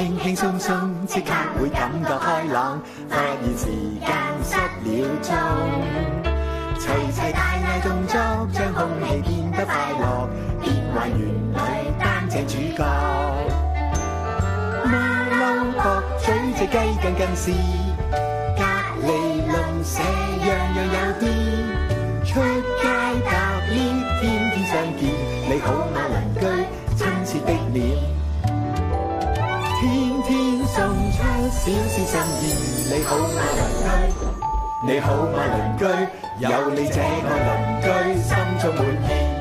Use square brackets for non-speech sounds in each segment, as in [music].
輕輕鬆鬆即刻會感覺開朗，發現時間失了蹤。齊齊大嗌動作，將空氣變得快樂，變壞原來擔正主角。馬騮哥，嘴隻雞更更是。小小心意，你好啊鄰居，你好啊鄰居，你你有你這個鄰居，心中滿意。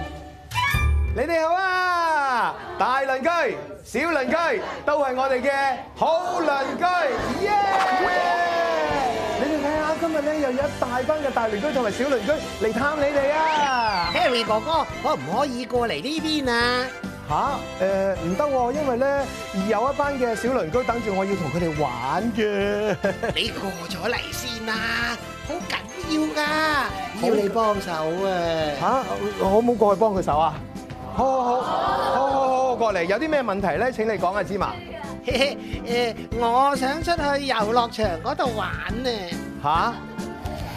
你哋好啊，大鄰居、小鄰居，都係我哋嘅好鄰居。耶、yeah! yeah!！你哋睇下，今日咧又有一大班嘅大鄰居同埋小鄰居嚟探你哋啊。Harry 哥哥可唔可以過嚟呢邊啊？嚇！誒唔得，因為咧而有一班嘅小鄰居等住我要同佢哋玩嘅。你過咗嚟先啦，好緊要噶，要你幫手啊！嚇！我好唔好過去幫佢手啊？好，好，好，好好好，過嚟。有啲咩問題咧？請你講啊，芝麻。誒，我想出去遊樂場嗰度玩啊！嚇！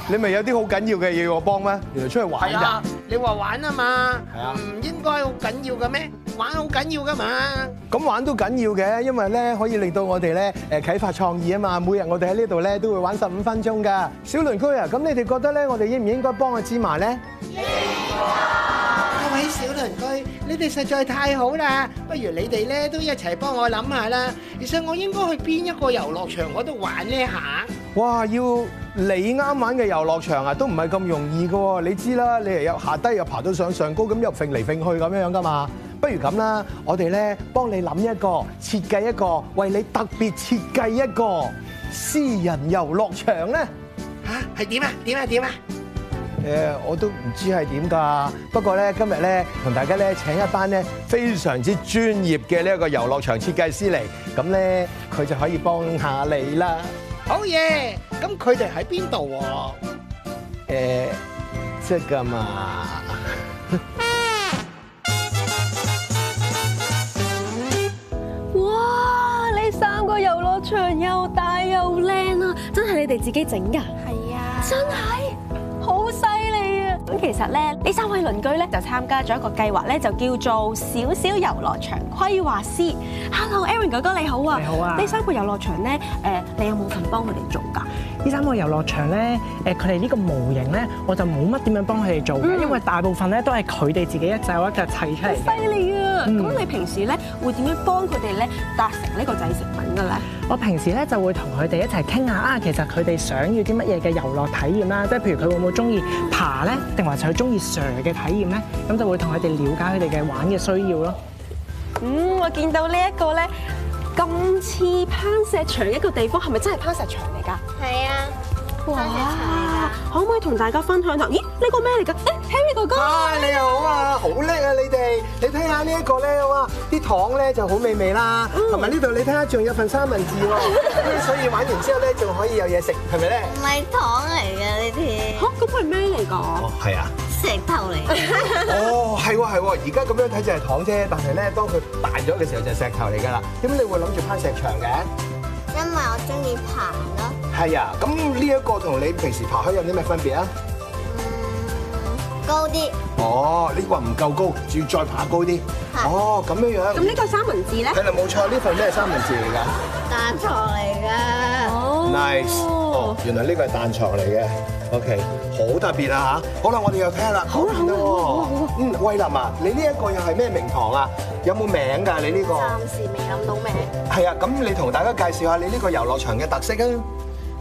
你咪有啲好緊要嘅嘢要我幫咩？原來出去玩啊！你話玩啊嘛？係啊，唔應該好緊要嘅咩？玩好緊要噶嘛？咁玩都緊要嘅，因為咧可以令到我哋咧誒啟發創意啊嘛。每日我哋喺呢度咧都會玩十五分鐘噶。小鄰居啊，咁你哋覺得咧，我哋應唔應該幫阿芝麻咧？應該 Yeah. 各位小鄰居，你哋實在太好啦！不如你哋咧都一齊幫我諗下啦。其實我應該去邊一個遊樂場我都玩呢下？哇！要你啱玩嘅遊樂場啊，都唔係咁容易噶。你知啦，你又下低又爬到上上高，咁又揈嚟揈去咁樣樣噶嘛？不如咁啦，我哋咧幫你諗一個設計一個，為你特別設計一個私人遊樂場咧嚇，係點啊？點啊？點啊？誒、呃，我都唔知係點噶。不過咧，今日咧同大家咧請一班咧非常之專業嘅呢一個遊樂場設計師嚟，咁咧佢就可以幫下你啦。好嘢！咁佢哋喺邊度？誒、呃，即噶嘛。 [laughs] 你自己整噶，係啊是的 的，真係好細。咁其實咧，呢三位鄰居咧就參加咗一個計劃咧，就叫做小小遊樂場規劃師。Hello，Erin 哥哥你好啊！你好啊！呢好三個遊樂場咧，誒，你有冇份幫佢哋做㗎？呢三個遊樂場咧，誒，佢哋呢個模型咧，我就冇乜點樣幫佢哋做嘅，因為大部分咧都係佢哋自己一隻一隻砌出嚟。好犀利啊！咁、嗯、你平時咧會點樣幫佢哋咧達成呢個製成品㗎咧？我平時咧就會同佢哋一齊傾下啊，其實佢哋想要啲乜嘢嘅遊樂體驗啦，即係譬如佢會唔會中意爬咧。還是佢中意 Sir 嘅體驗咧，咁就會同佢哋了解佢哋嘅玩嘅需要咯，這個。嗯，我見到呢一個咧咁似攀石場一個地方，係咪真係攀石場嚟噶？係啊，攀石可唔可以同大家分享下？咦，呢個咩嚟噶？誒、欸、，Harry 哥哥。啊，Hi, 你好啊，好叻啊你哋、啊！你睇下呢一個咧，哇，啲糖咧就好美味啦。同埋呢度你睇下，仲有份三文治喎。所以玩完之後咧，仲可以有嘢食，係咪咧？唔係糖嚟㗎呢啲。咁係咩嚟講？哦，係啊。就是、石頭嚟。哦，係喎係喎，而家咁樣睇就係糖啫，但係咧，當佢大咗嘅時候就係石頭嚟㗎啦。點解你會諗住攀石牆嘅？因為我中意爬咯。係啊，咁呢一個同你平時爬開有啲咩分別啊？嗯，高啲一。哦，呢、這個唔夠高，仲要再爬高啲。是啊、哦，咁樣樣。咁呢個三文治咧？係啦、啊，冇錯，呢份咩係三文治嚟噶。彈床嚟噶。哦。Nice。哦，原來呢個係彈床嚟嘅。OK，好特別啊嚇。好啦，我哋又聽啦。好好好。嗯，威林啊，你呢一個又係咩名堂有有名啊？有冇名㗎？你呢個？暫時未諗到名。係啊，咁你同大家介紹下你呢個遊樂場嘅特色啊！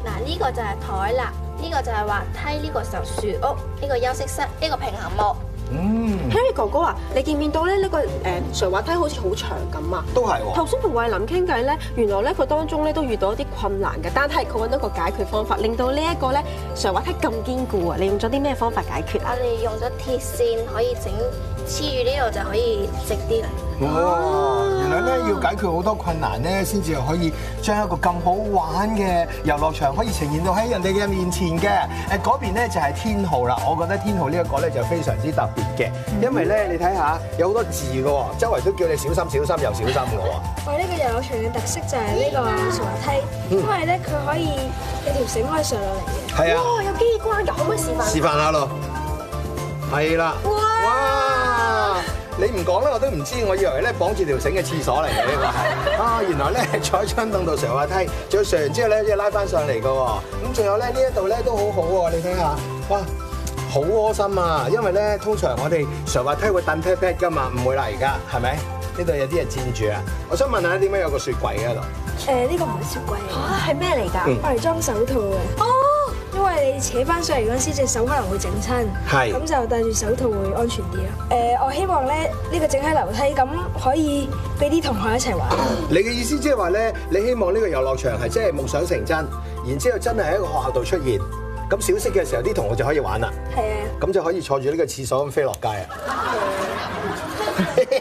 嗱呢個就係台啦，呢、這個就係滑梯，呢、這個就樹屋，呢、這個休息室，呢、這個平衡木。嗯 [noise] ，Harry 哥哥啊，你見唔見到咧？呢個誒長滑梯好似好長咁啊，都係是。頭先同慧林傾偈咧，原來咧佢當中咧都遇到一啲困難嘅，但係佢揾到個解決方法，令到呢一個咧長滑梯咁堅固啊！你用咗啲咩方法解決啊？你 [noise] 用咗鐵線可以整黐住呢度就可以直啲啦。哦，原來咧要解決好多困難咧，先至可以將一個咁好玩嘅遊樂場可以呈現到喺人哋嘅面前嘅。誒，嗰邊咧就係天號啦，我覺得天號呢一個咧就非常之特別嘅，因為咧你睇下有好多字㗎喎，周圍都叫你小心小心又小心㗎喎。喂，呢個遊樂場嘅特色就係呢個滑梯，因為咧佢可以有條繩可以上落嚟嘅。係啊，有機關嘅，可唔可以示範示範下咯？係啦。你唔講咧，我都唔知。我以為咧綁住條繩嘅廁所嚟嘅，呢個係啊，原來咧坐喺窗凳度上滑梯，再上完之後咧，即係拉翻上嚟嘅。咁仲有咧呢一度咧都好好喎，你睇下，哇，好噁心啊！因為咧通常我哋上滑梯會等 pat pat 噶嘛，唔會喇，而家係咪？呢度有啲人佔住啊！我想問下咧，點解有個雪櫃喺度？誒、呃，呢、呢個唔係雪櫃啊，係咩嚟㗎？我嚟、嗯、裝手套嘅。因為你扯翻上嚟嗰時，隻手可能會整親，咁是的 就戴住手套會安全啲咯。誒，我希望咧呢個整喺樓梯咁，可以俾啲同學一齊玩。你嘅意思即係話咧，你希望呢個遊樂場係即係夢想成真，然之後真係喺個學校度出現，咁小息嘅時候啲同學就可以玩啦。係啊，咁就可以坐住呢個廁所咁飛落街啊。 [laughs] [laughs]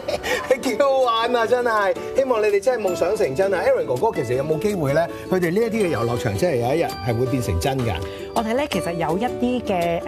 好玩啊！真係，希望你哋真係夢想成真啊 Aaron 哥哥其實有冇機會咧？佢哋呢一啲嘅遊樂場真係有一日係會變成真㗎。我哋咧其實有一啲嘅誒，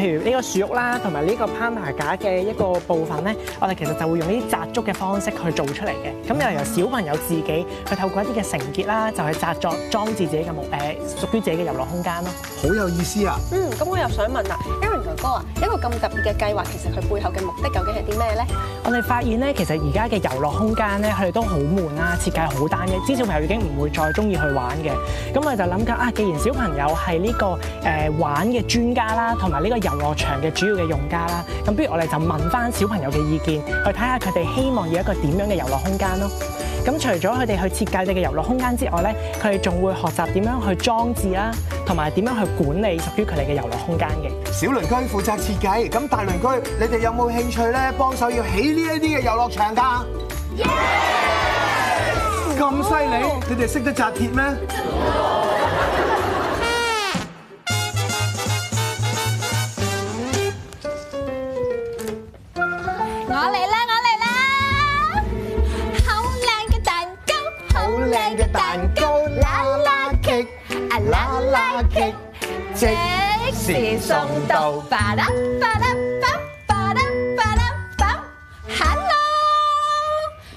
譬如呢個樹屋啦，同埋呢個攀爬架嘅一個部分咧，我哋其實就會用呢啲紮竹嘅方式去做出嚟嘅。咁又由小朋友自己去透過一啲嘅成結啦，就係紮作裝置自己嘅木誒屬於自己嘅遊樂空間咯。好有意思啊！嗯，咁我又想問啊 Aaron 哥哥，一個咁特別嘅計劃，其實佢背後嘅目的究竟係啲咩呢？我哋發現呢，其實而家嘅遊樂空間呢，佢哋都好悶啦，設計好單一，知小朋友已經唔會再中意去玩嘅。咁我哋就諗緊啊，既然小朋友係呢個、誒、呃、玩嘅專家啦，同埋呢個遊樂場嘅主要嘅用家啦，咁不如我哋就問翻小朋友嘅意見，去睇下佢哋希望要一個點樣嘅遊樂空間咯。咁除咗佢哋去設計你嘅遊樂空間之外咧，佢哋仲會學習點樣去裝置啦，同埋點樣去管理屬於佢哋嘅遊樂空間嘅。小鄰居負責設計。咁大鄰居，你哋有冇興趣咧幫手要起呢一啲嘅遊樂場噶？Yes！咁犀利，你哋識得紮鐵咩？靚嘅 [music] 蛋糕啦啦 cake，啊啦啦 cake，即時送到。Hello，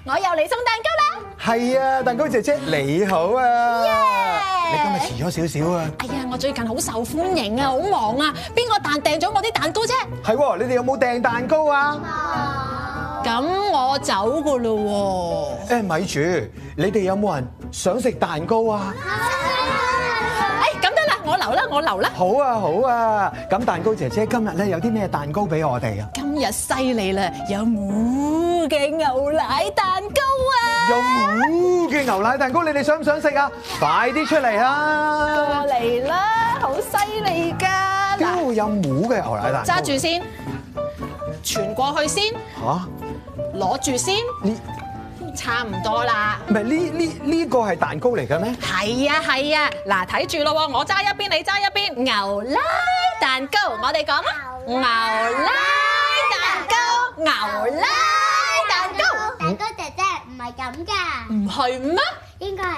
我又嚟送蛋糕啦。係啊，蛋糕姐姐你好啊。耶！Yeah. 你今日遲咗少少啊？哎呀，我最近好受歡迎啊，好忙啊。邊個但訂咗我啲蛋糕啫？係喎、啊，你哋有冇訂蛋糕啊？嗯咁我走噶啦喎！誒，咪住，你哋有冇人想食蛋糕啊？誒，咁得啦，我留啦，我留啦！好啊好啊！咁蛋糕姐姐今日咧有啲咩蛋糕俾我哋啊？今日犀利啦，有糊嘅牛奶蛋糕啊！有糊嘅牛奶蛋糕，你哋想唔想食啊？快啲出嚟啊！過嚟啦！好犀利噶！邊會有糊嘅牛奶蛋？揸住先，傳過去先嚇。攞住先，差唔多啦。唔係呢呢呢個係蛋糕嚟嘅咩？係啊係啊，嗱睇住咯，我揸一邊，你揸一邊。牛奶蛋糕，我哋講啊，牛奶蛋糕，牛奶蛋糕。蛋糕姐姐，唔係咁㗎。唔係咩？應該係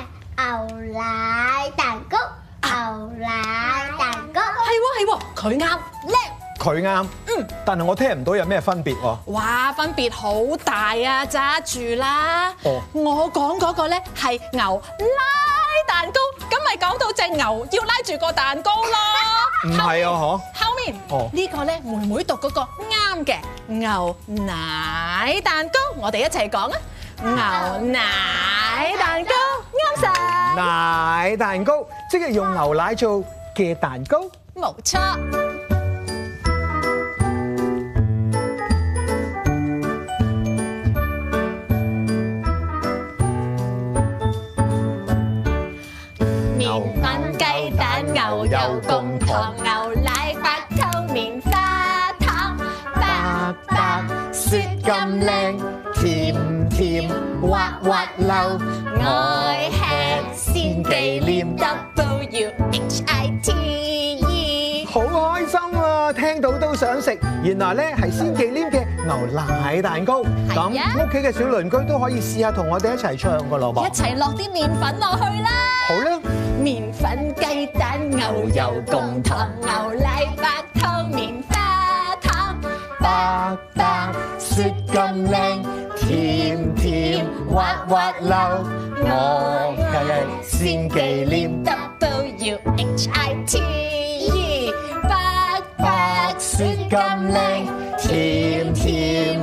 牛奶蛋糕，牛奶蛋糕。係喎係喎，佢啱叻。佢啱，嗯，但係我聽唔到有咩分別喎。哇，分別好大啊！揸住啦，哦、我講嗰個咧係牛拉蛋糕，咁咪講到隻牛要拉住個蛋糕咯。唔係 [laughs] 啊，嗬。後面，哦，呢、呢個咧，妹妹讀嗰個啱嘅牛奶蛋糕，我哋一齊講啊，牛奶蛋糕啱晒。牛奶蛋糕即係用牛奶做嘅蛋糕，冇錯。粉、雞蛋、牛油、貢糖、牛奶、白溝、棉花糖，白白雪咁靚，甜甜滑滑溜，愛吃鮮忌廉 double U H I T E，好開心喎，啊，聽到都想食，原來咧係鮮忌廉嘅。牛奶蛋糕，咁屋企嘅小鄰居都可以試下同我哋一齊唱嘅咯，好唔好？一齊落啲麵粉落去啦！好啦，麵粉、雞蛋、牛油、共糖，牛奶、白糖、棉花糖，白白雪咁靚，甜甜滑滑流，我係先記念得都要 whit，白白雪咁靚，甜。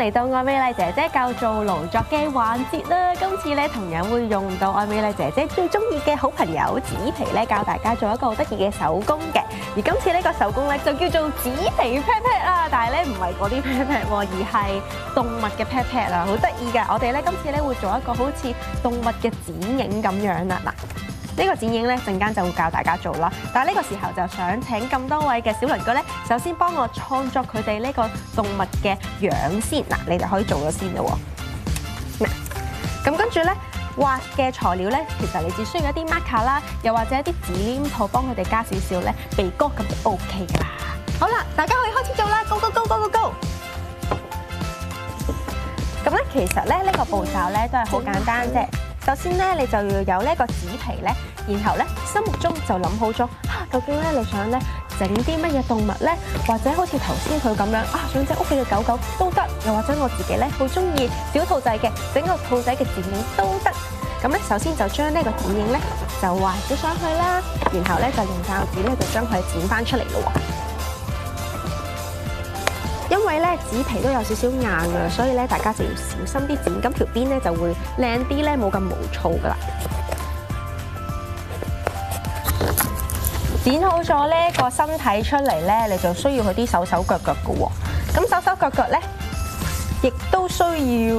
嚟到愛美麗姐姐教做勞作嘅環節啦，今次咧同樣會用到愛美麗姐姐最中意嘅好朋友紙皮咧，教大家做一個好得意嘅手工嘅。而今次呢個手工咧就叫做紙皮 pat pat 啦，但係咧唔係嗰啲 pat pat 而係動物嘅 pat pat 啊，好得意嘅。我哋咧今次咧會做一個好似動物嘅剪影咁樣啦，嗱。呢個剪影咧，陣間就會教大家做啦。但係呢個時候就想請咁多位嘅小鄰居咧，首先幫我創作佢哋呢個動物嘅樣先嗱，你就可以做咗先咯。咁跟住咧，畫嘅材料咧，其實你只需要一啲 marker 啦，又或者一啲紙黏土，幫佢哋加少少咧鼻哥，咁就 OK 㗎啦。好啦，大家可以開始做啦，Go Go Go Go Go Go！咁咧，其實咧呢個步驟咧都係好簡單啫。嗯、首先咧，你就要有呢個紙皮咧。然後咧，心目中就諗好咗，嚇究竟咧你想咧整啲乜嘢動物咧？或者好似頭先佢咁樣啊，想隻屋企嘅狗狗都得，又或者我自己咧好中意小兔仔嘅，整個兔仔嘅剪影都得。咁咧，首先就將呢個剪影咧就畫咗上去啦，然後咧就用膠紙咧就將佢剪翻出嚟咯。因為咧紙皮都有少少硬啊，所以咧大家就要小心啲剪，咁條邊咧就會靚啲咧，冇咁毛躁噶啦。剪好咗呢個身體出嚟咧，你就需要佢啲手手腳腳嘅喎。咁手手腳腳咧，亦都需要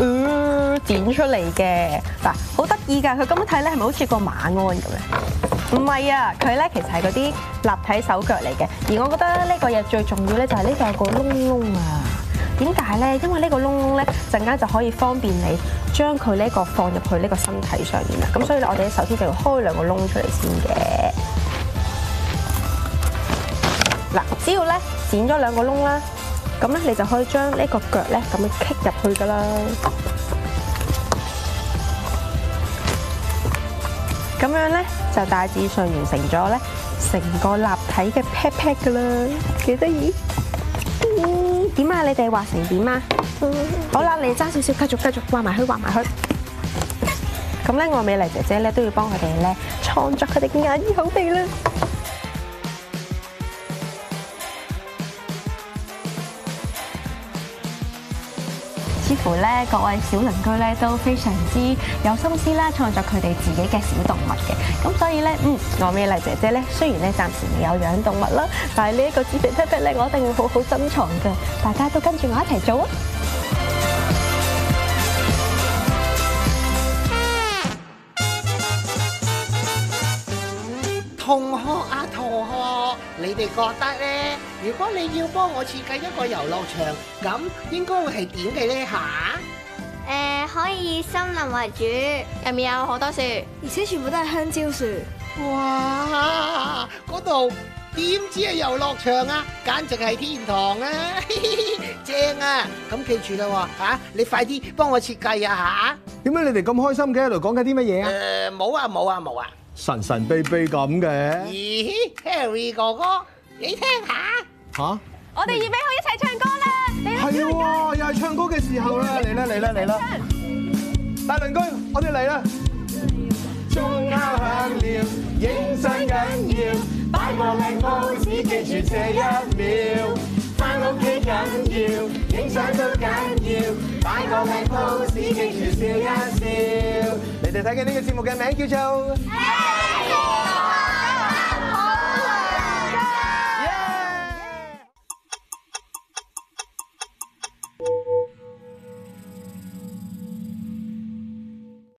嗯、呃、剪出嚟嘅。嗱，好得意噶，佢咁樣睇咧，係咪好似個馬鞍咁咧？唔係啊，佢咧其實係嗰啲立體手腳嚟嘅。而我覺得呢個嘢最重要咧，就係呢度有個窿窿啊。點解咧？因為呢個窿窿咧，陣間就可以方便你將佢呢個放入去呢個身體上面啊。咁所以咧，我哋首先就要開兩個窿出嚟先嘅。只要咧剪咗兩個窿啦，咁咧你就可以將呢個腳咧咁樣棘入去噶啦。咁樣咧就大致上完成咗咧成個立體嘅 pat pat 噶啦，幾得意。點啊？你哋畫成好好點啊？好啦，你揸少少，繼續繼續畫埋去，畫埋去。咁咧，我美麗姐姐咧都要幫佢哋咧創作佢哋嘅眼耳、哎、口鼻啦。乎咧，各位小鄰居咧都非常之有心思啦，創作佢哋自己嘅小動物嘅。咁所以咧，嗯，我美麗姐姐咧，雖然咧暫時未有養動物啦，但係呢一個紙片飛飛咧，我一定會好好珍藏嘅。大家都跟住我一齊做啊！同學啊，同學，你哋覺得咧？如果你要幫我設計一個遊樂場，咁應該會係點嘅呢？吓、啊，誒、呃，可以森林為主，入面有好多樹，而且全部都係香蕉樹。哇，嗰度點知係遊樂場啊？簡直係天堂啊！ [laughs] 正啊！咁記住啦，吓、啊，你快啲幫我設計、呃、啊！吓，點解你哋咁開心嘅？喺度講緊啲乜嘢啊？誒，冇啊，冇啊，冇啊，神神秘秘咁嘅。欸、咦 Harry 哥哥，你聽下。吓！我哋預備好一齊唱歌啦！係哇，又係唱歌嘅時候啦！嚟啦嚟啦嚟啦！大鄰居，我哋嚟啦！鐘敲響了，影相緊要，擺個靚 pose，記住這一秒，返屋企緊要，影相都緊要，擺個靚 pose，記住笑一笑。你哋睇緊呢個節目嘅名叫做。